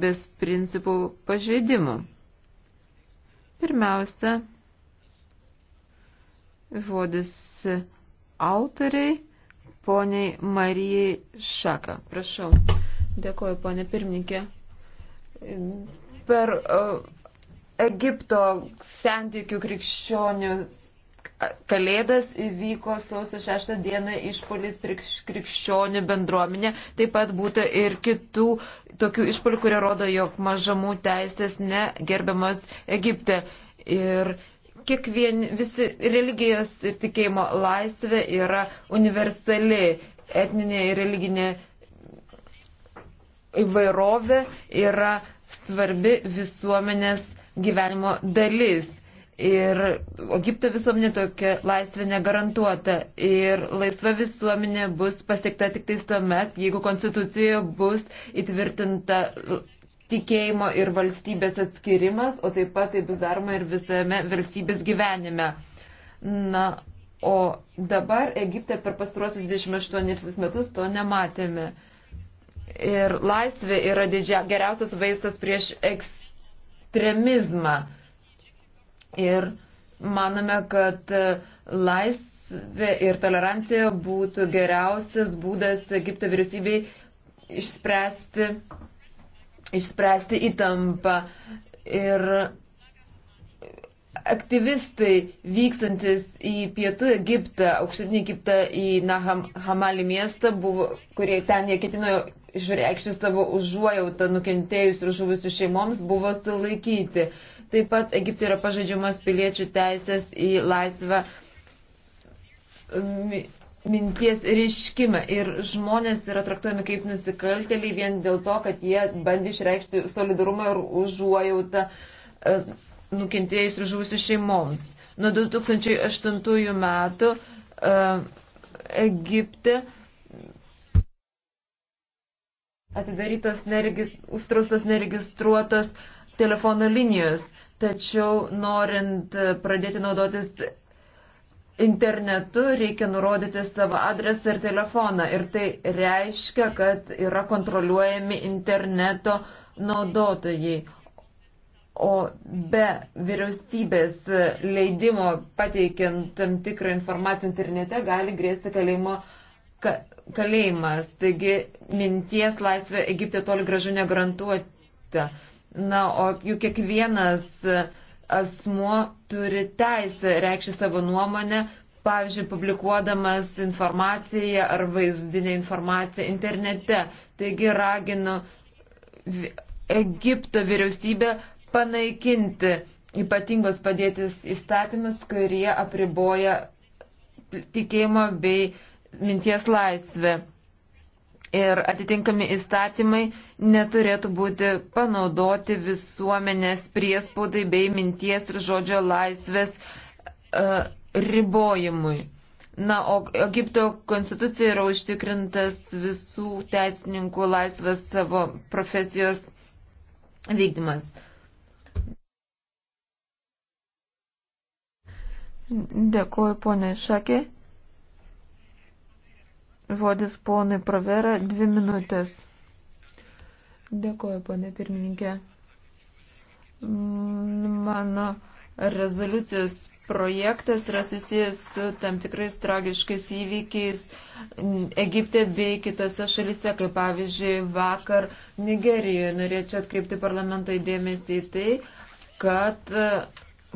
bes principų pažeidimų. Pirmiausia, žodis autoriai, poniai Marijai Šaka. Prašau. Dėkuoju, ponė pirmininkė. Per uh, Egipto santykių krikščionių Kalėdas įvyko sausio 6 dieną išpolis krikščionių bendruomenė, taip pat būtų ir kitų tokių išpolių, kurie rodo, jog mažamų teisės negerbiamas Egipte. Ir kiekvien, visi religijos ir tikėjimo laisvė yra universali etninė ir religinė įvairovė yra svarbi visuomenės gyvenimo dalis Ir Egipto visuomenė tokia laisvė negarantuota. Ir laisva visuomenė bus pasiekta tik tais tuomet, jeigu konstitucijoje bus įtvirtinta tikėjimo ir valstybės atskirimas, o taip pat tai bus daroma ir visame valstybės gyvenime. Na, o dabar Egipte per pastaruosius 28 metus to nematėme. Ir laisvė yra didžia, geriausias vaistas prieš ekstremizmą. Ir manome, kad laisvė ir tolerancija būtų geriausias būdas Egipto vyriausybei išspręsti, išspręsti įtampą. Ir aktyvistai vykstantis į pietų Egiptą, aukštutinį Egiptą, į Naham, Hamalį miestą, buvo, kurie ten jie ketino išreikšti savo užuojautą nukentėjus ir žuvusių šeimoms, buvo sulaikyti. Uh, Taip pat Egipte yra pažeidžiamas piliečių teisės į laisvą minties reiškimą ir žmonės yra traktuojami kaip nusikalteliai vien dėl to, kad jie bandė išreikšti solidarumą ir užuojautą e, nukentėjus ir žuvusių šeimoms. Nuo 2008 metų uh, Egipte atidarytas neregi, uždraustas neregistruotas telefono linijos. Tačiau norint pradėti naudotis internetu, reikia nurodyti savo adresą ir telefoną. Ir tai reiškia, kad yra kontroliuojami interneto naudotojai. O be vyriausybės leidimo pateikiant tam tikrą informaciją internete gali grėsti kalėjimo ka, kalėjimas. Taigi minties laisvė Egipte toli gražu negarantuota. Na, o juk kiekvienas asmuo turi teisę reikšti savo nuomonę, pavyzdžiui, publikuodamas informaciją ar vaizdinę informaciją internete. Taigi raginu Egipto vyriausybę panaikinti ypatingos padėtis įstatymus, kurie apriboja tikėjimo bei minties laisvę ir atitinkami įstatymai neturėtų būti panaudoti visuomenės priespaudai bei minties ir žodžio laisvės uh, ribojimui. Na, o Egipto konstitucija yra užtikrintas visų teisininkų laisvės savo profesijos vykdymas. Dėkuoju, ponė Šakė. Žodis ponui Pravera dvi minutės. Dėkuoju, ponė pirmininkė. Mm, mano rezoliucijos projektas yra susijęs su tam tikrais tragiškais įvykiais Egipte bei kitose šalise, kaip pavyzdžiui vakar Nigerijoje. Norėčiau atkreipti parlamentai dėmesį į tai, kad e,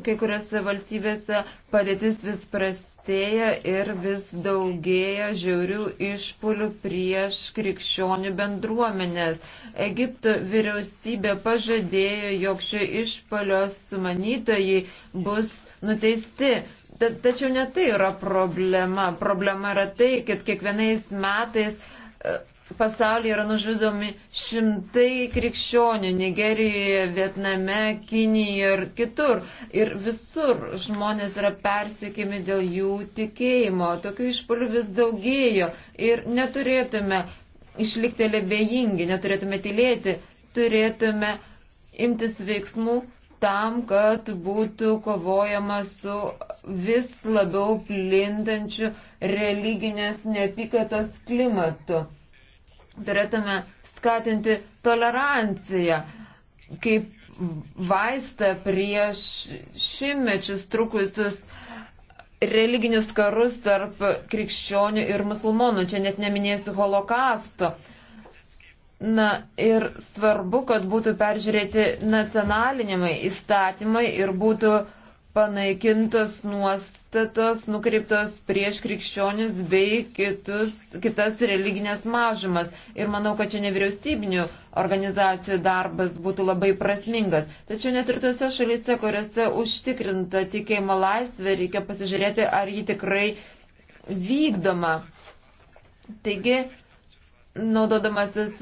kai kuriuose valstybėse padėtis vis prastė artėja ir vis daugėja žiaurių išpolių prieš krikščionių bendruomenės. Egipto vyriausybė pažadėjo, jog šio išpolio sumanytojai bus nuteisti. Ta, tačiau ne tai yra problema. Problema yra tai, kad kiekvienais metais e, pasaulyje yra nužudomi šimtai krikščionių - Nigerijoje, Vietname, Kinijoje ir kitur. Ir visur žmonės yra persikimi dėl jų tikėjimo. Tokių išpolių vis daugėjo ir neturėtume išlikti lebejingi, neturėtume tylėti, turėtume imtis veiksmų tam, kad būtų kovojama su vis labiau plintančiu religinės neapykatos klimatu turėtume skatinti toleranciją kaip vaistą prieš šimmečius trukusius religinius karus tarp krikščionių ir musulmonų. Čia net neminėsiu holokausto. Na ir svarbu, kad būtų peržiūrėti nacionalinimai įstatymai ir būtų uh, panaikintos nuostatos nukreiptos prieš krikščionis bei kitus, kitas religinės mažumas. Ir manau, kad čia nevyriausybinių organizacijų darbas būtų labai prasmingas. Tačiau net ir tose šalyse, kuriuose užtikrinta tikėjimo laisvė, reikia pasižiūrėti, ar ji tikrai vykdoma. Taigi, naudodamasis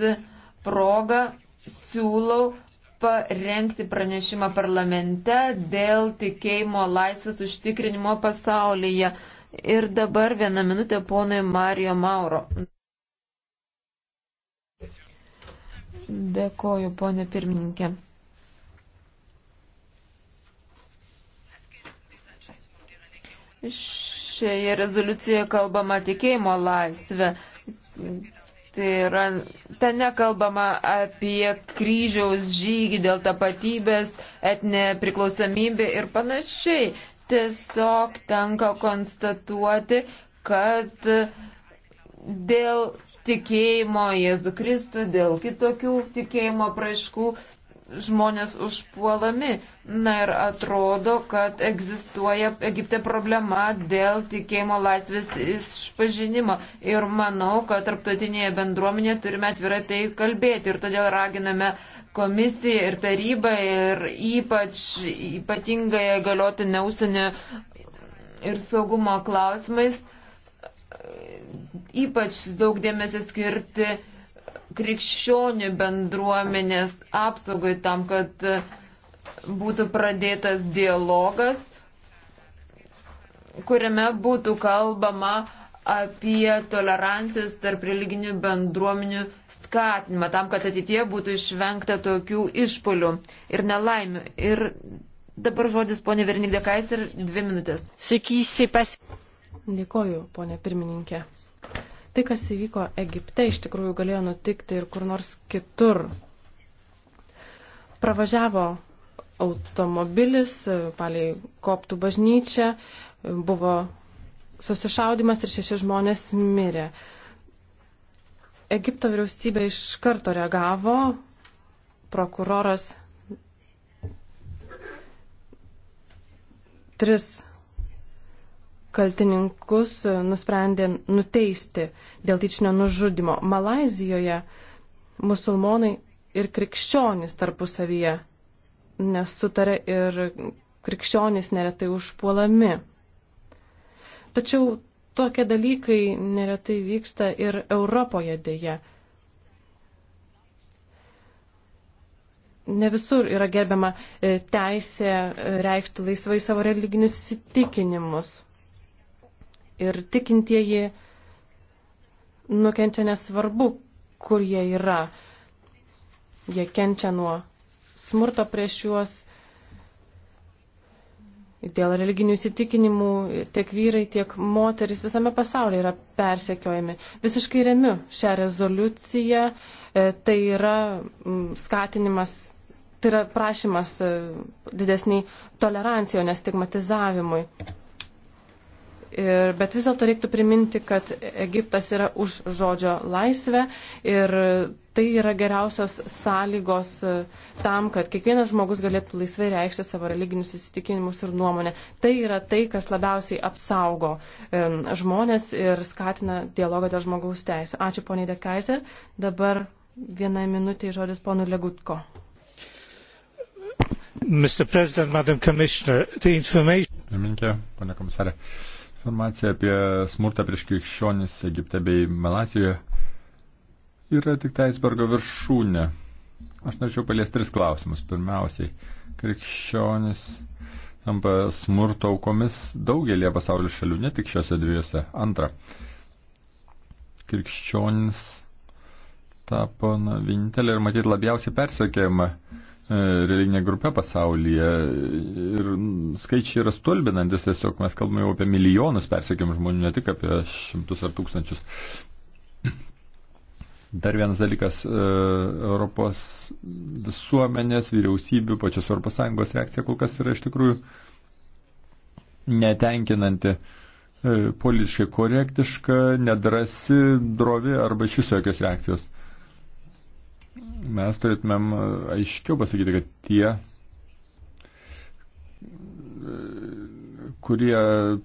progą, siūlau parengti pranešimą parlamente dėl tikėjimo laisvės užtikrinimo pasaulyje. Ir dabar vieną minutę ponui Mario Mauro. Dėkoju, ponė pirmininkė. Šioje rezoliucijoje kalbama tikėjimo laisvė. Tai yra, ten nekalbama apie kryžiaus žygį dėl tapatybės, etinė priklausomybė ir panašiai. Tiesiog tenka konstatuoti, kad dėl tikėjimo Jėzų Kristų, dėl kitokių tikėjimo praaiškų žmonės užpuolami. Na ir atrodo, kad egzistuoja Egipte problema dėl tikėjimo laisvės išpažinimo. Ir manau, kad tarptautinėje bendruomenėje turime atvirai tai kalbėti. Ir todėl raginame komisiją ir tarybą ir ypač ypatingąją galioti neusinio ir saugumo klausimais. Ypač daug dėmesio skirti krikščionių bendruomenės apsaugai tam, kad e, būtų pradėtas dialogas, kuriame būtų kalbama apie tolerancijos tarp religinių bendruomenių skatinimą, tam, kad ateitie būtų išvengta tokių išpolių ir nelaimių. Ir dabar žodis ponė Vernik Dekais ir dvi minutės. Sakysi pas. Dėkoju, ponė pirmininkė. Tai, kas įvyko Egipte, iš tikrųjų galėjo nutikti ir kur nors kitur. Pravažiavo automobilis e, palei koptų bažnyčią, e, buvo susišaudimas ir šeši žmonės mirė. Egipto vyriausybė iš karto reagavo, prokuroras tris kaltininkus e, nusprendė nuteisti dėl tyčinio nužudimo. Malazijoje musulmonai ir krikščionys tarpusavyje nesutarė ir krikščionys neretai užpuolami. Tačiau tokie dalykai neretai vyksta ir Europoje dėje. Ne visur yra gerbiama e, teisė e, reikšti laisvai savo religinius įsitikinimus ir tikintieji nukenčia nesvarbu, kur jie yra. Jie kenčia nuo smurto prieš juos dėl religinių įsitikinimų tiek vyrai, tiek moteris visame pasaulyje yra persekiojami. Visiškai remiu šią rezoliuciją. E, tai yra skatinimas, tai yra prašymas e, didesniai tolerancijai, o nestigmatizavimui. Ir, bet vis dėlto reiktų priminti, kad Egiptas yra už žodžio laisvę ir tai yra geriausios sąlygos e, tam, kad kiekvienas žmogus galėtų laisvai reikšti savo religinius įsitikinimus ir nuomonę. Tai yra tai, kas labiausiai apsaugo um, žmonės ir skatina dialogą dėl žmogaus teisų. Ačiū poniai Dekaiser. Dabar vienai minutiai žodis ponui Legutko. Mr. President, Madam Commissioner, the information. Pirmininkė, ponia komisarė. Uh, Informacija apie smurtą prieš krikščionis Egipte bei Malazijoje yra tik tai aisbergo viršūnė. Aš norėčiau paliesti tris klausimus. Pirmiausiai, krikščionis tampa smurto aukomis daugelie pasaulio šalių, ne tik šiuose dviejose. Antra, krikščionis tapo na, vienintelė ir matyt labiausiai persiekėjama E, religinė grupė pasaulyje ir skaičiai yra stulbinantis, tiesiog mes kalbame jau apie milijonus persekiam žmonių, ne tik apie šimtus ar tūkstančius. Dar vienas dalykas e, - Europos visuomenės, vyriausybių, pačios Europos Sąjungos reakcija kol kas yra iš tikrųjų netenkinanti e, politiškai korektiška, nedrasi, drovi arba iš viso jokios reakcijos mes turėtumėm e, aiškiau pasakyti, kad tie, e, kurie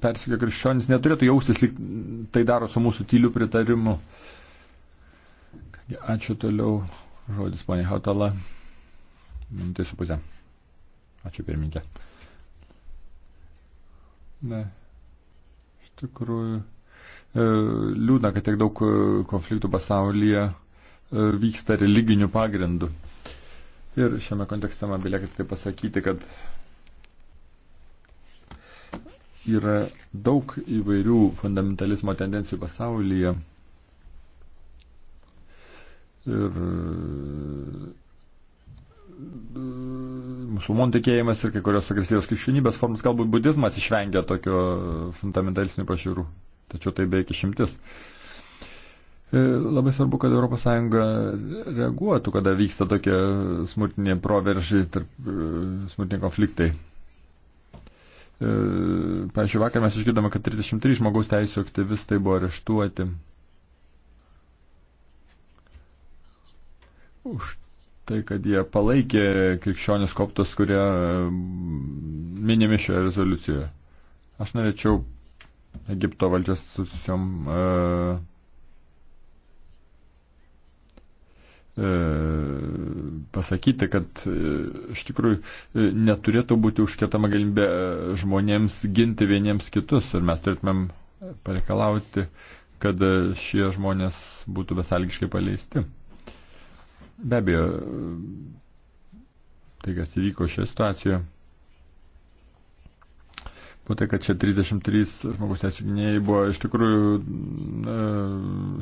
persikė krikščionis, neturėtų jaustis, lyg tai daro su mūsų tyliu pritarimu. Ačiū toliau. Žodis, ponė Hautala. Minutė su pusė. Ačiū pirmininkė. Ne. Iš tikrųjų. E, liūdna, kad tiek daug konfliktų pasaulyje E, vyksta religinių pagrindų. Ir šiame kontekste man belieka tik tai pasakyti, kad yra daug įvairių fundamentalizmo tendencijų pasaulyje. Ir e, musulmonų tikėjimas ir kai kurios agresyvios krikščionybės formos, galbūt budizmas išvengia tokio fundamentalistinių pažiūrų. Tačiau tai beveik išimtis. Uh, E, labai svarbu, kad ES reaguotų, kada vyksta tokie smurtiniai proveržiai, e, smurtiniai konfliktai. E, pavyzdžiui, vakar mes išgirdome, kad 33 žmogaus teisų aktyvistai buvo areštuoti. Už tai, kad jie palaikė krikščionis koptus, kurie mm, minimi šioje rezoliucijoje. Aš norėčiau Egipto valdžios institucijom uh, E, pasakyti, kad e, iš tikrųjų e, neturėtų būti užkėtama galimybė žmonėms ginti vieniems kitus ir mes turėtumėm pareikalauti, kad šie žmonės būtų besalgiškai paleisti. Be abejo, tai kas įvyko šioje situacijoje, buvo tai, kad čia 33 žmogus nesigynėjai buvo iš tikrųjų,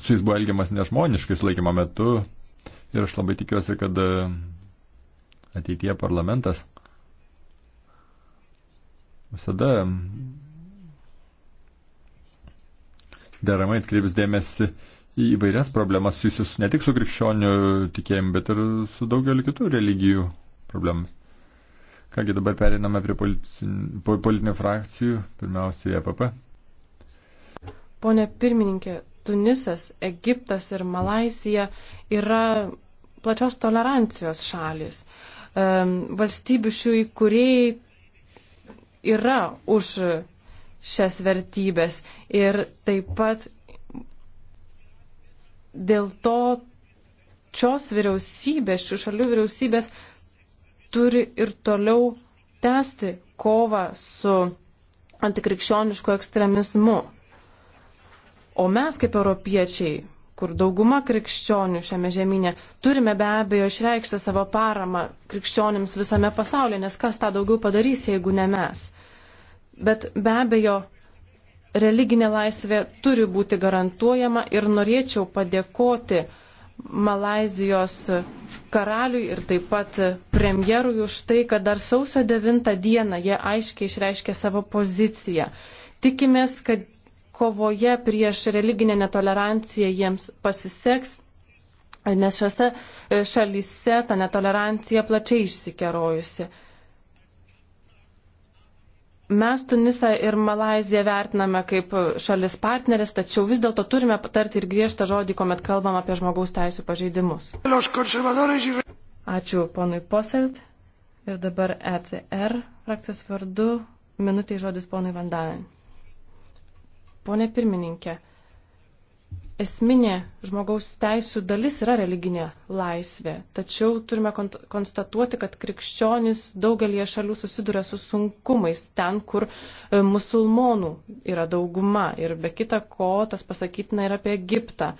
su jais buvo elgiamas nežmoniškai sulaikymo metu, Ir aš labai tikiuosi, kad e, ateitie parlamentas visada deramai atkreips dėmesį į įvairias problemas susijusius ne tik su krikščionių tikėjimu, bet ir su daugeliu kitų religijų problemas. Kągi dabar periname prie politinių frakcijų, pirmiausiai EPP. Pone pirmininkė, Tunisas, Egiptas ir Malaisija yra plačios tolerancijos šalis. Valstybių šių įkūrėjai yra už šias vertybės ir taip pat dėl to šios vyriausybės, šių šalių vyriausybės turi ir toliau tęsti kovą su antikrikščionišku ekstremizmu. O mes kaip europiečiai kur dauguma krikščionių šiame žemynė, turime be abejo išreikšti savo paramą krikščionims visame pasaulyje, nes kas tą daugiau padarys, jeigu ne mes. Bet be abejo, religinė laisvė turi būti garantuojama ir norėčiau padėkoti Malazijos karaliui ir taip pat premjerui už tai, kad dar sausio 9 dieną jie aiškiai išreiškė savo poziciją. Tikimės, kad kovoje prieš religinę netoleranciją jiems pasiseks, nes šiuose e, šalyse ta netolerancija plačiai išsikerojusi. Mes Tunisą ir Malaziją vertiname kaip šalis partneris, tačiau vis dėlto turime patarti ir griežtą žodį, kuomet kalbam apie žmogaus teisų pažeidimus. Ačiū ponui Poselt ir dabar ECR frakcijos vardu minutė žodis ponui Vandalin. Pone pirmininkė, esminė žmogaus teisų dalis yra religinė laisvė, tačiau turime konstatuoti, kad krikščionis daugelie šalių susiduria su sunkumais ten, kur e, musulmonų yra dauguma ir be kita ko tas pasakytina ir apie Egiptą.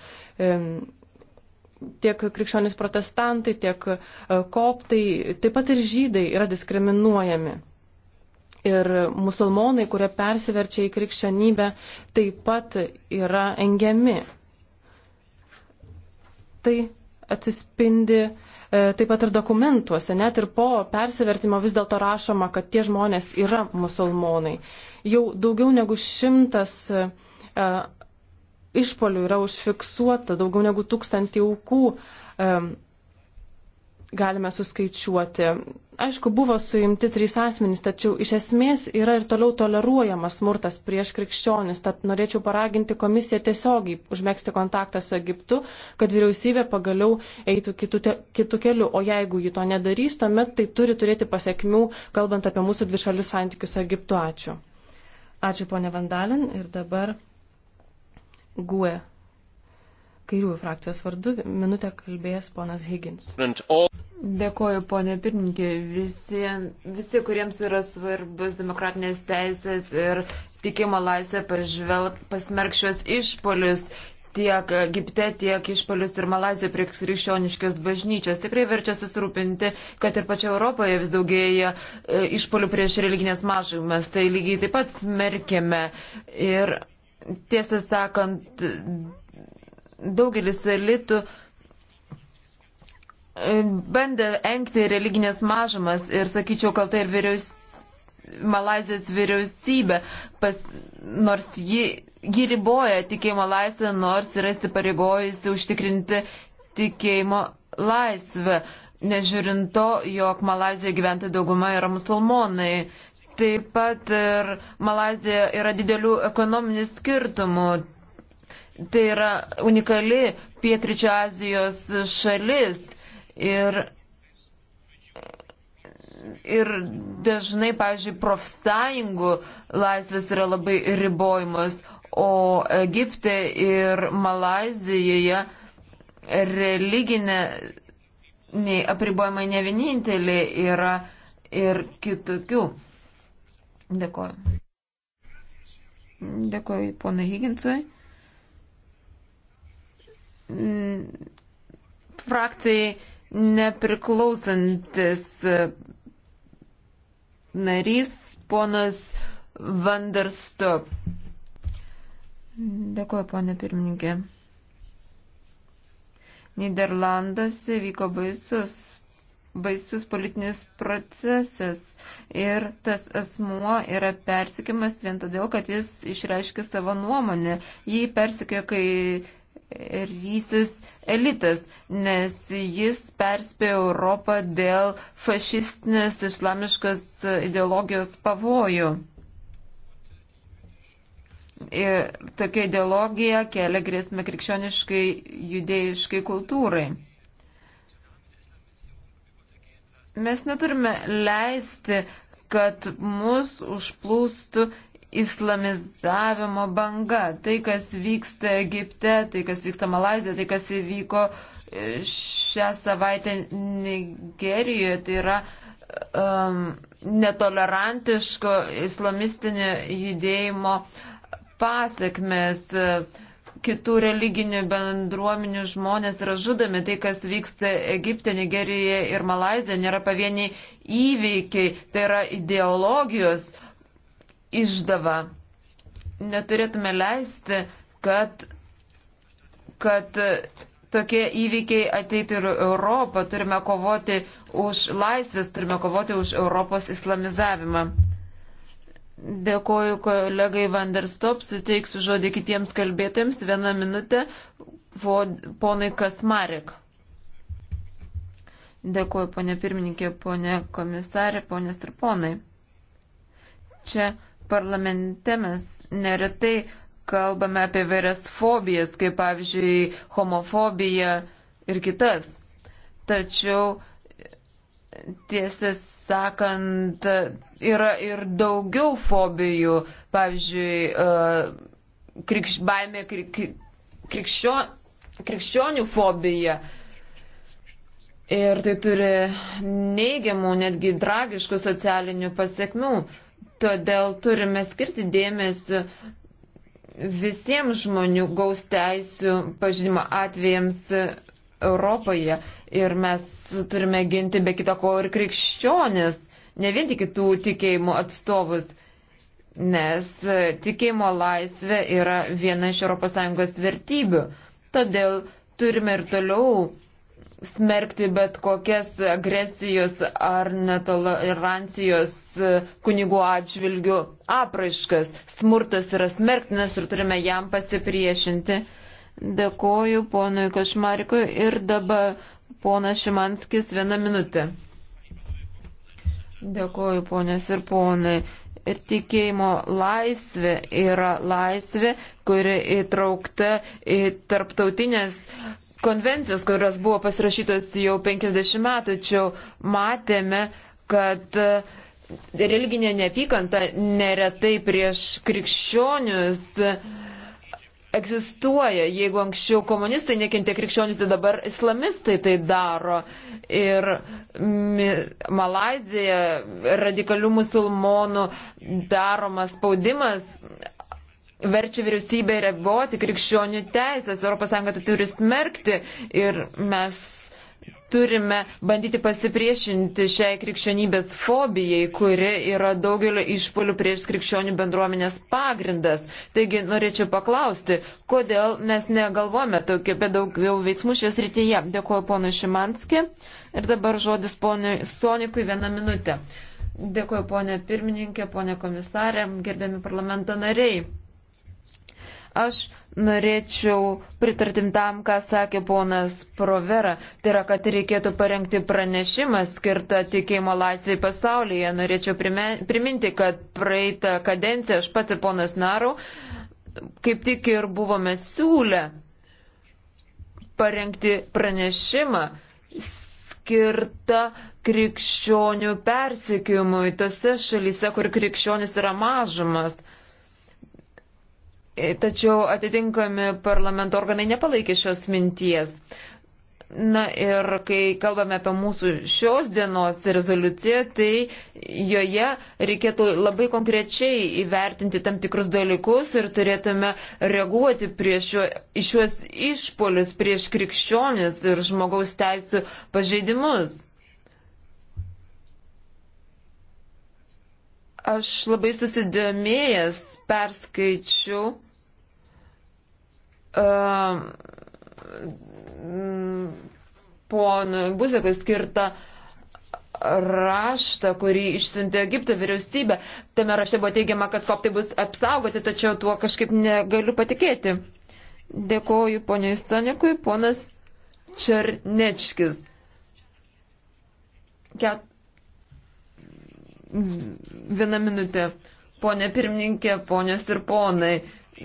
Tiek krikščionis protestantai, tiek e, koptai, taip pat ir žydai yra diskriminuojami ir musulmonai, kurie persiverčia į krikščionybę, taip pat yra engiami. Tai atsispindi e, taip pat ir dokumentuose, net ir po persivertimo vis dėlto rašoma, kad tie žmonės yra musulmonai. Jau daugiau negu šimtas e, išpolių yra užfiksuota, daugiau negu tūkstantį aukų e, galime suskaičiuoti. Aišku, buvo suimti trys asmenys, tačiau iš esmės yra ir toliau toleruojamas smurtas prieš krikščionis. Tad norėčiau paraginti komisiją tiesiogiai užmėgsti kontaktą su Egiptu, kad vyriausybė pagaliau eitų kitų, te, kitų kelių. O jeigu ji to nedarys, tuomet tai turi turėti pasiekmių, kalbant apie mūsų dvišalius santykius su Egiptu. Ačiū. Ačiū, ponė Vandalin. Ir dabar GUE kairiųjų frakcijos vardu. Minutę kalbės ponas Higgins. Dėkoju, ponė pirmininkė. Visi, visi, kuriems yra svarbus demokratinės teisės ir tikimo laisvė, pasmerk šios išpolius tiek Egipte, tiek išpolius ir Malazijoje prie krikščioniškės bažnyčios. Tikrai verčia susirūpinti, kad ir pačioje Europoje vis daugėja e, išpolių prieš religinės mažumas. Tai lygiai taip pat smerkėme. Ir tiesą sakant, daugelis elitų e, bandė engti religinės mažumas ir, sakyčiau, kalta ir vyriaus, Malazijos vyriausybė, pas, nors ji, ji riboja tikėjimo laisvę, nors yra įsipareigojusi užtikrinti tikėjimo laisvę, nežiūrint to, jog Malazijoje gyventi dauguma yra musulmonai. Taip pat ir Malazija yra didelių ekonominių skirtumų, Tai yra unikali Pietričio Azijos šalis ir, ir dažnai, pavyzdžiui, profsąjungų laisvės yra labai ribojimas, o Egipte ir Malazijoje religinė nei apribojimai ne vienintelė yra ir kitokių. Dėkuoju. Dėkuoju, ponai Higginsui frakcijai nepriklausantis e, narys ponas Vandarstop. Dėkuoju, ponė pirmininkė. Niderlanduose vyko baisus, baisus politinis procesas ir tas asmuo yra persikimas vien todėl, kad jis išreiškia savo nuomonę. Jį persikėjo, kai rysis elitas, nes jis perspėjo Europą dėl fašistinės islamiškos ideologijos pavojų. Ir tokia ideologija kelia grėsmę krikščioniškai judėjiškai kultūrai. Mes neturime leisti, kad mus užplūstų islamizavimo banga. Tai, kas vyksta Egipte, tai, kas vyksta Malazijoje, tai, kas įvyko e, šią savaitę Nigerijoje, tai yra um, netolerantiško islamistinio judėjimo pasiekmes. Kitų religinių bendruomenių žmonės yra žudomi. Tai, kas vyksta Egipte, Nigerijoje ir Malazijoje, nėra pavieniai įveikiai, tai yra ideologijos uh, išdava. Neturėtume leisti, kad, kad tokie įvykiai ateitų ir Europą. Turime kovoti už laisvės, turime kovoti už Europos islamizavimą. Dėkoju kolegai Vanderstop, suteiksiu žodį kitiems kalbėtėms vieną minutę, ponai Kasmarek. Dėkoju, ponė pirmininkė, ponė komisarė, ponės ir ponai. Čia parlamente mes neretai kalbame apie vairias fobijas, kaip pavyzdžiui homofobija ir kitas. Tačiau, tiesą sakant, yra ir daugiau fobijų, pavyzdžiui, e, krikš, baimė krik, krikščio, krikščionių fobija. Ir tai turi neigiamų, netgi tragiškų socialinių pasiekmių. Todėl turime skirti dėmesio visiems žmonių gaus teisų pažydimo atvejams Europoje. Ir mes turime ginti be kita ko ir krikščionis, ne vien tik kitų tikėjimų atstovus, nes tikėjimo laisvė yra viena iš ES vertybių. Todėl turime ir toliau smerkti bet kokias agresijos ar netolerancijos e, kunigų atžvilgių apraiškas. Smurtas yra smerktinas ir turime jam pasipriešinti. Dėkoju ponui Kašmarikui ir dabar pona Šimanskis vieną minutę. Dėkoju ponės ir ponai ir tikėjimo laisvė yra laisvė, kuri įtraukta į tarptautinės konvencijos, kurios buvo pasirašytos jau 50 metų, tačiau matėme, kad religinė neapykanta neretai prieš krikščionius egzistuoja. Jeigu anksčiau komunistai nekentė krikščionių, tai dabar islamistai tai daro. Ir Malazija radikalių musulmonų daromas spaudimas verčia vyriausybę riboti krikščionių teisės. ES tai turi smerkti ir mes turime bandyti pasipriešinti šiai krikščionybės fobijai, kuri yra daugelio išpolių prieš krikščionių bendruomenės pagrindas. Taigi norėčiau paklausti, kodėl mes negalvojame tokie apie daugiau veiksmų šios rytyje. Dėkuoju ponui Šimanski ir dabar žodis ponui Sonikui vieną minutę. Dėkuoju ponė pirmininkė, ponė komisarė, gerbiami parlamento nariai. Aš norėčiau pritartim tam, ką sakė ponas Provera. Tai yra, kad reikėtų parengti pranešimą skirtą tikėjimo laisvėj pasaulyje. Norėčiau priminti, kad praeitą kadenciją aš pats ir ponas Narau kaip tik ir buvome siūlę parengti pranešimą skirtą krikščionių persikėjimui tose šalyse, kur krikščionis yra mažumas. Tačiau atitinkami parlamento organai nepalaikė šios minties. Na ir kai kalbame apie mūsų šios dienos rezoliuciją, tai joje reikėtų labai konkrečiai įvertinti tam tikrus dalykus ir turėtume reaguoti prieš šio, šios išpolius, prieš krikščionis ir žmogaus teisų pažeidimus. Aš labai susidomėjęs perskaičiu uh, ponui Buzekui skirtą raštą, kurį išsiuntė Egipto vyriausybė. Tame rašte buvo teigiama, kad koptai bus apsaugoti, tačiau tuo kažkaip negaliu patikėti. Dėkoju poniai Stanikui, ponas Černečkis. Ket... Viena minutė. Pone pirmininkė, ponios ir ponai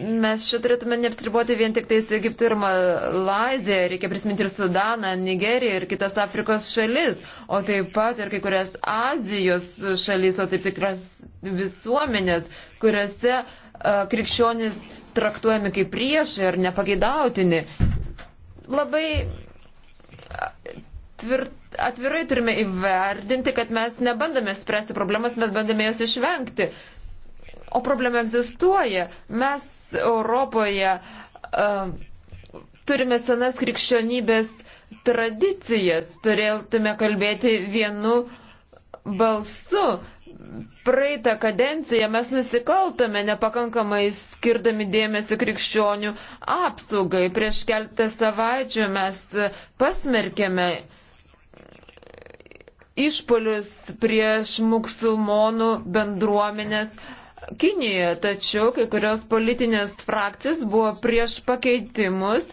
mes čia turėtume neapsiriboti vien tik tais Egiptu ir Malaziją, reikia prisiminti ir Sudaną, Nigeriją ir kitas Afrikos šalis, o taip pat ir kai kurias Azijos šalis, o taip tikras visuomenės, kuriuose uh, e, krikščionis traktuojami kaip priešai ar nepageidautini. Labai e, tvirt, atvirai turime įverdinti, kad mes nebandome spręsti problemas, mes bandome jas išvengti. Uh, O problema egzistuoja. Mes Europoje uh, turime senas krikščionybės tradicijas, turėtume kalbėti vienu balsu. Praeitą kadenciją mes nusikaltame nepakankamai skirdami dėmesį krikščionių apsaugai. Prieš keltą savaičių mes pasmerkėme išpolius prieš musulmonų bendruomenės uh, Kinijoje, tačiau kai kurios politinės frakcijas buvo prieš pakeitimus,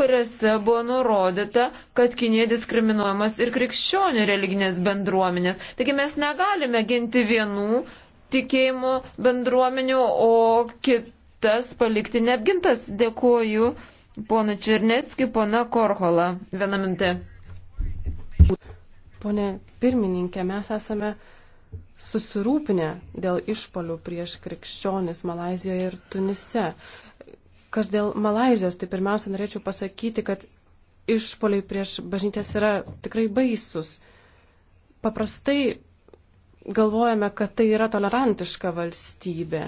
kuriuose buvo nurodyta, kad Kinija diskriminuojamas ir krikščionių religinės bendruomenės. Taigi mes negalime ginti vienų tikėjimo bendruomenių, o kitas palikti neapgintas. Dėkuoju pona Černecki, pona Korhola. Vieną mintę. Pone pirmininkė, mes esame susirūpinę dėl išpolių prieš krikščionis Malazijoje ir Tunise. Kas dėl Malazijos, tai pirmiausia norėčiau pasakyti, kad išpoliai prieš bažnyčias yra tikrai baisus. Paprastai galvojame, kad tai yra tolerantiška valstybė.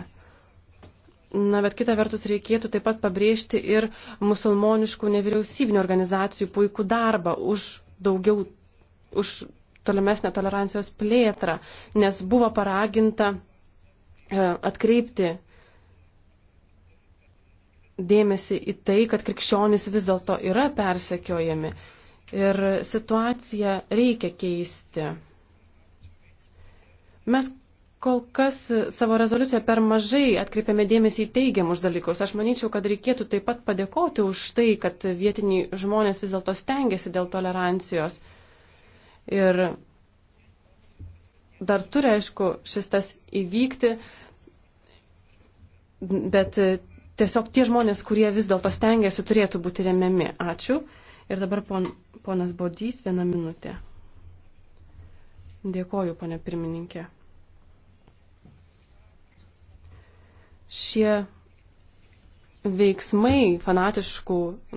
Na, bet kita vertus reikėtų taip pat pabrėžti ir musulmoniškų nevyriausybinio organizacijų puikų darbą už daugiau, už tolimesnę tolerancijos plėtrą, nes buvo paraginta e, atkreipti dėmesį į tai, kad krikščionys vis dėlto yra persekiojami ir situaciją reikia keisti. Mes kol kas savo rezoliuciją per mažai atkreipiame dėmesį į teigiamus dalykus. Aš manyčiau, kad reikėtų taip pat padėkoti už tai, kad vietiniai žmonės vis dėlto stengiasi dėl tolerancijos. Ir dar turi, aišku, šis tas įvykti, bet tiesiog tie žmonės, kurie vis dėlto stengiasi, turėtų būti remiami. Ačiū. Ir dabar pon, ponas Bodys, vieną minutę. Dėkoju, ponė pirmininkė. Šie veiksmai fanatiškų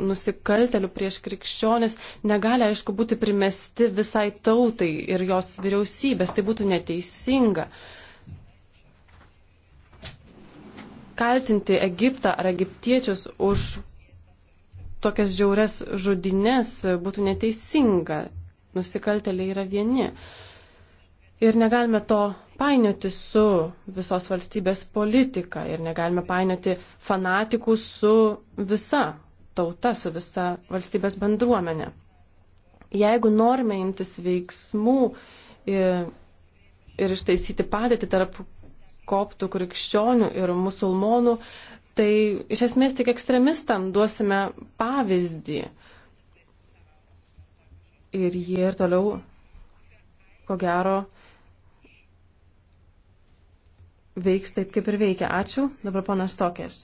nusikaltelių prieš krikščionis negali, aišku, būti primesti visai tautai ir jos vyriausybės. Tai būtų neteisinga. Kaltinti Egiptą ar egiptiečius už tokias žiaures žudinės būtų neteisinga. Nusikalteliai yra vieni. Ir negalime to painioti su visos valstybės politika ir negalime painioti fanatikų su visa tauta, su visa valstybės bendruomenė. Jeigu norime imtis veiksmų ir, ir ištaisyti padėtį tarp koptų krikščionių ir musulmonų, tai iš esmės tik ekstremistam duosime pavyzdį. Ir jie ir toliau, ko gero, veiks taip, kaip ir veikia. Ačiū. Dabar ponas Tokės.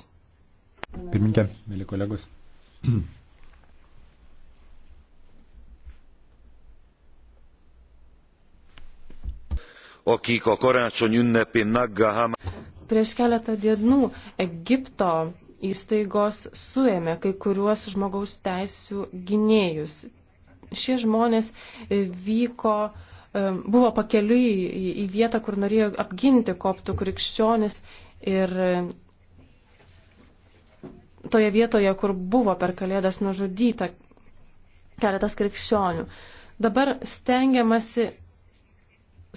Pirminkė, mėly kolegos. akik a karácsony ünnepén Naggahamá. Prieš keletą dienų Egipto įstaigos suėmė kai kuriuos žmogaus teisų gynėjus. Šie žmonės vyko buvo pakeliui į, į vietą, kur norėjo apginti koptų krikščionis ir toje vietoje, kur buvo per kalėdas nužudyta keletas krikščionių. Dabar stengiamasi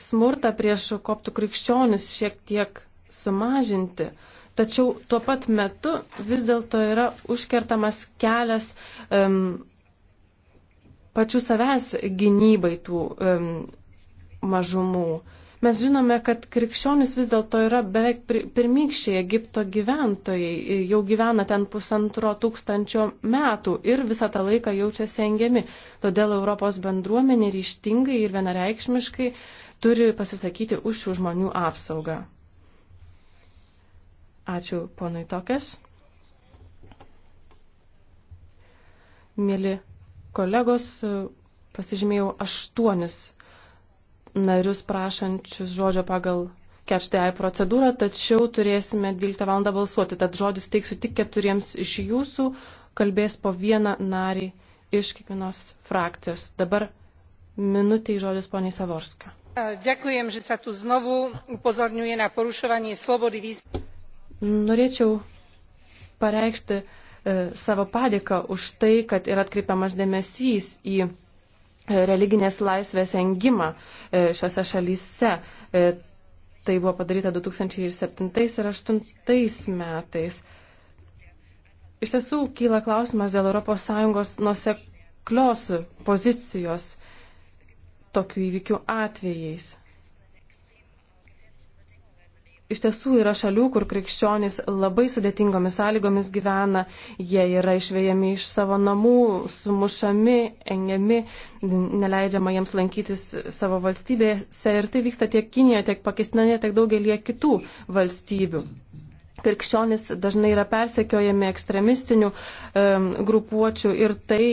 smurtą prieš koptų krikščionis šiek tiek sumažinti, tačiau tuo pat metu vis dėlto yra užkertamas kelias um, pačių savęs gynybai tų um, mažumų. Mes žinome, kad krikščionis vis dėlto yra beveik pirmykščiai Egipto gyventojai, jau gyvena ten pusantro tūkstančio metų ir visą tą laiką jaučiasi engiami. Todėl Europos bendruomenė ryštingai ir vienareikšmiškai turi pasisakyti už šių žmonių apsaugą. Ačiū ponui Tokės. Mėly kolegos, pasižymėjau aštuonis narius prašančius žodžio pagal keštai procedūrą, tačiau turėsime 12 val. balsuoti. Tad žodis teiksiu tik keturiems iš jūsų, kalbės po vieną narį iš kiekvienos frakcijos. Dabar minutė į žodis poniai Savorska. Ďakujem, že sa tu znovu upozorňuje na porušovanie slobody výsledky. Norėčiau pareikšti e, savo padėką už tai, kad yra atkreipiamas dėmesys į religinės laisvės engimą e, šiuose šalyse. E, tai buvo padaryta 2007 ir 2008 metais. Iš tiesų kyla klausimas dėl ES nuseklios pozicijos tokių įvykių atvejais iš tiesų yra šalių, kur krikščionys labai sudėtingomis sąlygomis gyvena, jie yra išvėjami iš savo namų, sumušami, engiami, neleidžiama jiems lankytis savo valstybėse ir tai vyksta tiek Kinijoje, tiek Pakistane, tiek daugelie kitų valstybių. Krikščionys dažnai yra persekiojami ekstremistinių um, grupuočių ir tai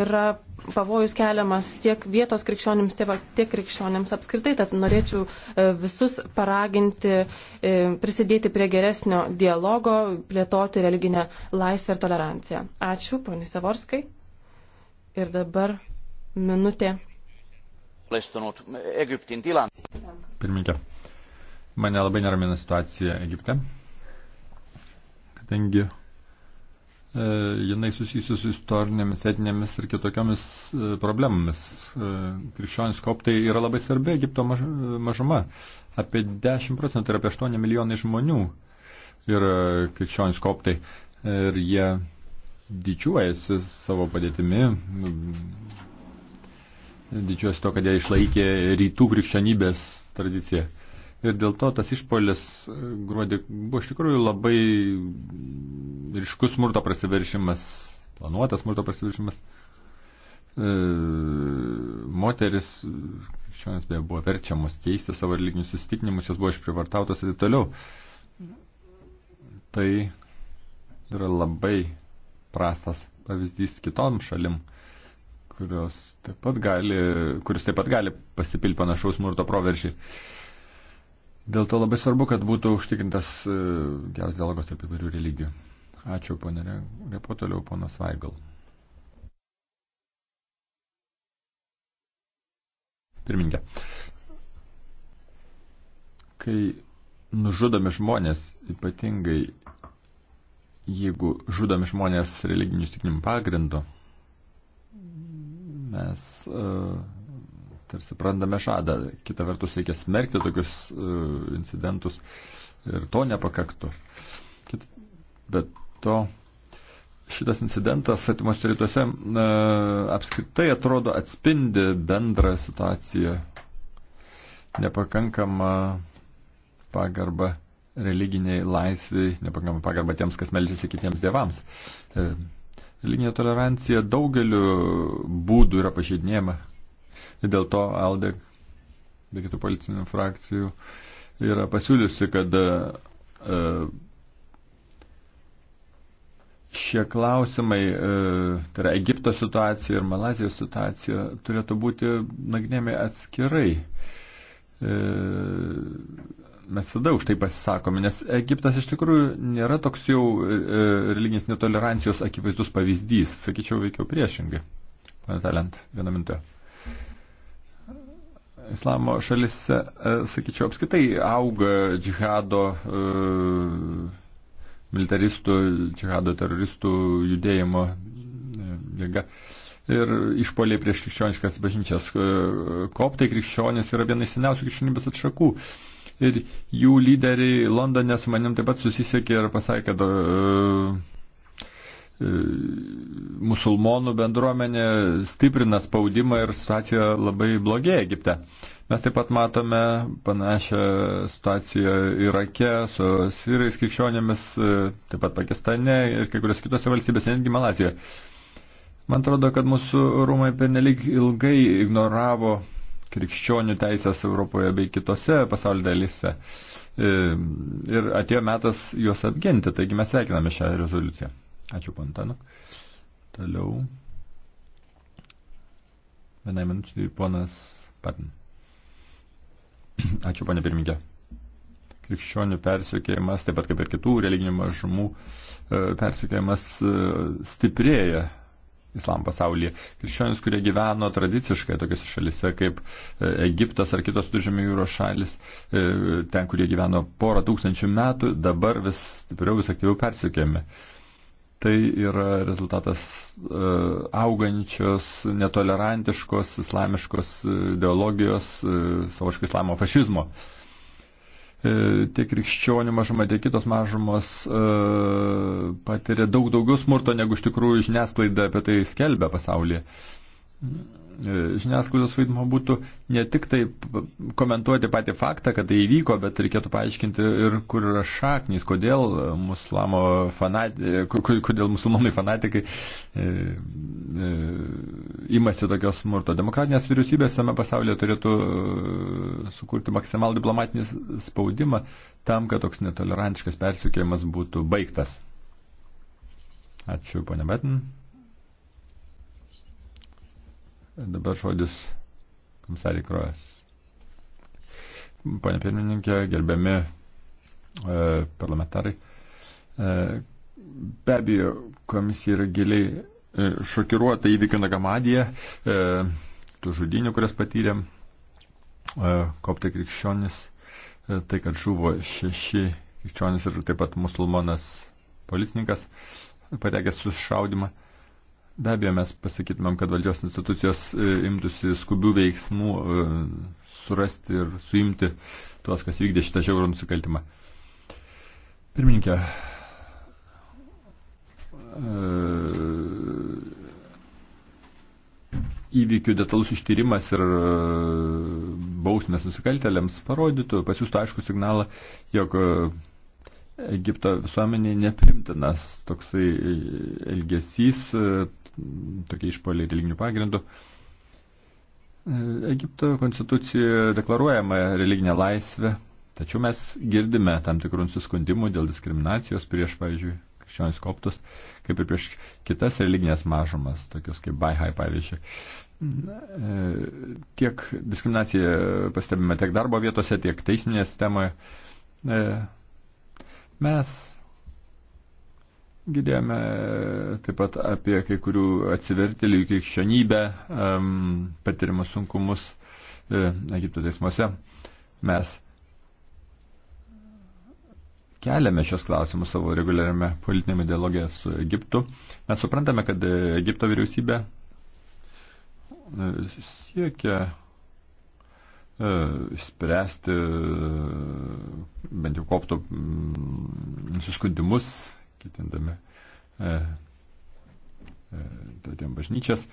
yra pavojus keliamas tiek vietos krikščionims, tiek krikščionims apskritai, tad norėčiau e, visus paraginti e, prisidėti prie geresnio dialogo, plėtoti religinę laisvę ir toleranciją. Ačiū, poniai Savorskai. Ir dabar minutė. Pirmininkė, mane labai neramina situacija Egipte, kadangi E, jinai susijusi su istorinėmis, etinėmis ir kitokiamis e, problemomis. E, krikščionis koptai yra labai svarbi Egipto mažuma. Apie 10 procentų tai yra apie 8 milijonai žmonių yra krikščionis koptai. Ir jie didžiuojasi savo padėtimi, didžiuojasi to, kad jie išlaikė rytų krikščionybės tradiciją. Ir dėl to tas išpolis e, gruodį buvo iš tikrųjų labai ryškus smurto prasiveršimas, planuotas smurto prasiveršimas. E, moteris, šiandien beje, buvo verčiamos keisti savo religinius sustikinimus, jos buvo išprivartautos ir taip toliau. Tai yra labai prastas pavyzdys kitom šalim kurios taip pat gali, kuris taip pat gali pasipilti panašaus smurto proveržį. Dėl to labai svarbu, kad būtų užtikrintas e, geras dialogas tarp įvairių religijų. Ačiū, ponė Repo, toliau ponas Vaigal. Pirmininkė. Kai nužudomi žmonės, ypatingai jeigu žudomi žmonės religinių įsitikinimų pagrindu, mes uh, tarsi prandame žadą. Kita vertus reikia smerkti tokius uh, incidentus ir to nepakaktų. Kit, bet to šitas incidentas atimuose rytuose uh, apskritai atrodo atspindi bendrą situaciją, nepakankamą pagarbą religiniai laisviai, nepakankamą pagarbą tiems, kas melžiasi kitiems dievams. Uh, Religinė tolerancija daugeliu būdų yra pažeidinėjama Ir dėl to Aldek, be kitų politinių frakcijų, yra pasiūliusi, kad e, e, šie klausimai, e, tai yra Egipto situacija ir Malazijos situacija, turėtų būti nagrinėjami atskirai mes tada už tai pasisakome, nes Egiptas iš tikrųjų nėra toks jau religinės netolerancijos akivaizdus pavyzdys, sakyčiau, veikiau priešingai. Pane Talent, vieną minutę islamo šalise, e, sakyčiau, apskaitai auga džihado, e, militaristų, džihado teroristų judėjimo e, jėga. Ir išpoliai prieš krikščioniškas bažnyčias. Koptai krikščionis yra viena iš seniausių krikščionybės atšakų ir jų lyderiai Londone su manim taip pat susisiekė ir pasakė, kad uh, E, musulmonų bendruomenė stiprina spaudimą ir situacija labai blogėja Egipte. Mes taip pat matome panašią situaciją Irake su sirais krikščionėmis, e, taip pat Pakistane ir kai kurios kitose valstybėse, netgi Malazijoje. Man atrodo, kad mūsų rūmai pernelyg ilgai ignoravo krikščionių teisės Europoje bei kitose pasaulio dalyse. E, ir atėjo metas juos apginti, taigi mes sveikiname šią rezoliuciją. Ačiū, Pantana. Toliau. Vienai minutį ponas Patin. Ačiū, ponė pirmininkė. Krikščionių persikėjimas, taip pat kaip ir kitų religinių mažumų e, persikėjimas e, stiprėja islam pasaulyje. Krikščionis, kurie gyveno tradiciškai tokiuose šalise kaip e, Egiptas ar kitos turžemio jūros šalis, ten, kurie gyveno porą tūkstančių metų, dabar vis stipriau, vis aktyviau persikėjami. Tai yra rezultatas e, augančios, netolerantiškos islamiškos e, ideologijos, e, savoškai islamo fašizmo tiek krikščionių mažuma, tiek kitos mažumos patiria daug daugiau smurto, negu iš tikrųjų žiniasklaida apie tai skelbia pasaulyje. E, žiniasklaidos vaidmo būtų ne tik tai komentuoti patį faktą, kad tai įvyko, bet reikėtų paaiškinti ir kur yra šaknys, kodėl, fanati, kodėl musulmonai fanatikai e, e, imasi tokios smurto. Demokratinės vyriausybės visame pasaulyje turėtų sukurti maksimalų diplomatinį spaudimą tam, kad toks netolerantiškas persikėjimas būtų baigtas. Ačiū, ponia Betin. Dabar žodis komisarį Krojas. Pane pirmininkė, gerbiami e, parlamentarai. E, be abejo, komisija yra giliai e, šokiruota įvykių nagamadiją, e, tų žudinių, kurias patyrėm, e, koptai krikščionis, e, tai kad žuvo šeši krikščionis ir taip pat musulmonas policininkas patekęs susišaudimą. E, Be abejo, mes pasakytumėm, kad valdžios institucijos e, imtųsi skubių veiksmų e, surasti ir suimti tuos, kas vykdė šitą žiaurų nusikaltimą. Pirmininkė, e, įvykių detalus ištyrimas ir bausmės nusikaltelėms parodytų, pasiūstų aišku signalą, jog Egipto visuomenė neprimtinas toksai elgesys tokie išpoliai religinių pagrindų. E, Egipto konstitucijoje deklaruojama religinė laisvė, tačiau mes girdime tam tikrų nusiskundimų dėl diskriminacijos prieš, pavyzdžiui, krikščionis koptus, kaip ir prieš kitas religinės mažumas, tokius kaip Baihai, pavyzdžiui. E, tiek diskriminacija pastebime tiek darbo vietose, tiek teisminėje sistemoje. E, mes Girdėjome e, taip pat apie kai kurių atsivertėlių į krikščionybę um, patirimus sunkumus e, Egipto teismuose. Mes keliame šios klausimus savo reguliariame politinėme dialoge su Egiptu. Mes suprantame, kad Egipto vyriausybė e, siekia spręsti bent jau koptų nusiskundimus ketindami e, e, bažnyčias.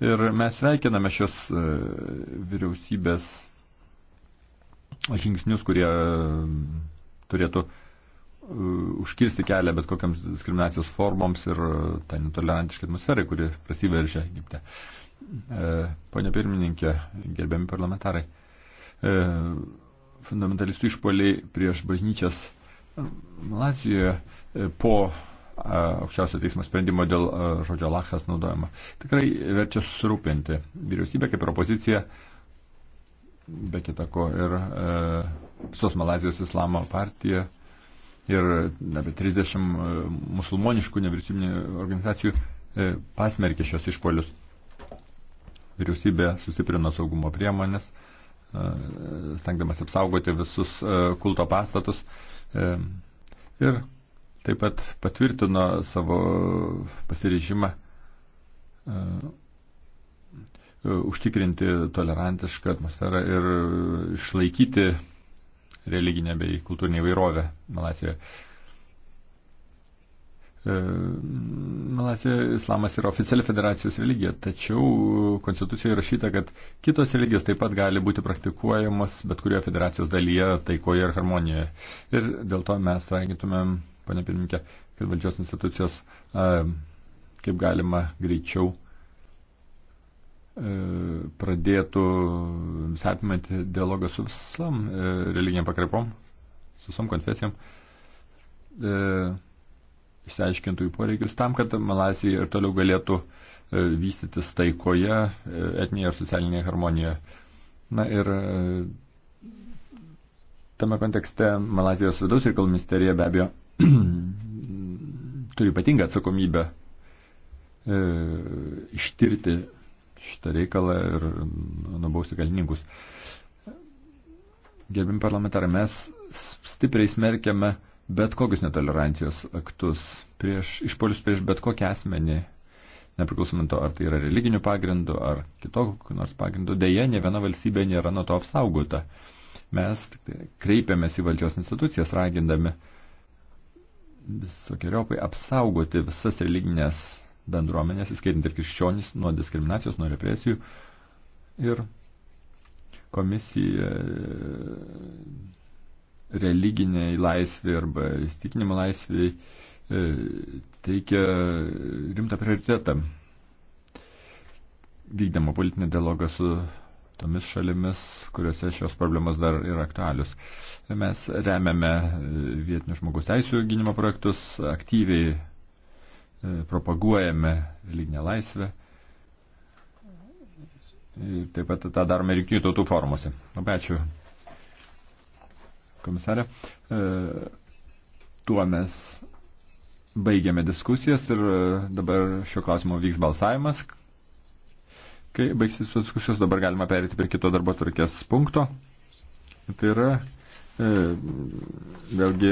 Ir mes sveikiname šios e, vyriausybės žingsnius, kurie e, turėtų e, užkirsti kelią bet kokiams diskriminacijos formoms ir e, tai netolerantiškai atmosferai, kuri prasiveržia Egipte. Pone pirmininkė, gerbiami parlamentarai, fundamentalistų išpoliai prieš bažnyčias Malazijoje po aukščiausio teismo sprendimo dėl žodžio laksas naudojama. Tikrai verčia susirūpinti vyriausybė kaip ir opozicija, be kitako ir visos Malazijos islamo partija ir apie 30 musulmoniškų nevyriausybinių organizacijų e, pasmerkė šios išpolius. Vyriausybė sustiprino saugumo priemonės, stengdamas apsaugoti visus kulto pastatus e, ir taip pat patvirtino savo pasirežimą e, užtikrinti tolerantišką atmosferą ir išlaikyti religinę bei kultūrinę įvairovę Malasijoje. E, Malasijoje islamas yra oficiali federacijos religija, tačiau konstitucijoje rašyta, kad kitos religijos taip pat gali būti praktikuojamos bet kurioje federacijos dalyje taikoje ir harmonijoje. Ir dėl to mes ragintumėm ponė pirmininkė, kad valdžios institucijos kaip galima greičiau e, pradėtų apimantį dialogą su visam e, religiniam pakraipom, su visom konfesijom, e, išsiaiškintų jų poreikius tam, kad Malazija ir toliau galėtų vystytis taikoje, etinėje ir socialinėje harmonijoje. Na ir tame kontekste Malazijos vidaus reikalų ministerija be abejo turi ypatingą atsakomybę e, ištirti šitą reikalą ir nu, nubausti kalininkus. Gerbim parlamentarai, mes stipriai smerkiame bet kokius netolerancijos aktus, prieš, išpolius prieš bet kokį asmenį, nepriklausomai to, ar tai yra religinių pagrindų, ar kitokių nors pagrindų. Deja, ne viena valstybė nėra nuo to apsaugota. Mes tai kreipiamės į valdžios institucijas, ragindami uh, visokiojopai apsaugoti visas religinės bendruomenės, įskaitant ir krikščionys, nuo diskriminacijos, nuo represijų. Ir komisija e, religiniai laisvė arba įstikinimo laisvė e, teikia rimtą prioritetą vykdama politinį dialogą su tomis šalimis, kuriuose šios problemos dar yra aktualius. Mes remiame e, vietinių žmogus teisų gynimo projektus, aktyviai e, propaguojame religinę laisvę. Ir taip pat tą darome ir jungtinių tautų formuose. Labai ačiū, komisarė. E, tuo mes baigiame diskusijas ir dabar šiuo klausimu vyks balsavimas. Kai baigsis diskusijos, dabar galima perėti prie kito darbo tvarkės punkto. Tai yra e, vėlgi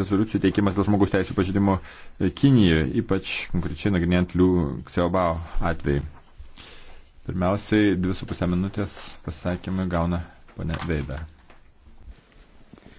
rezoliucijų teikimas dėl žmogaus teisų pažydimo e, Kinijoje, ypač konkrečiai nagrinėjant Liu Xiaobao atvejį. Pirmiausiai, dvi su pusę minutės pasakymai gauna ponia Veida.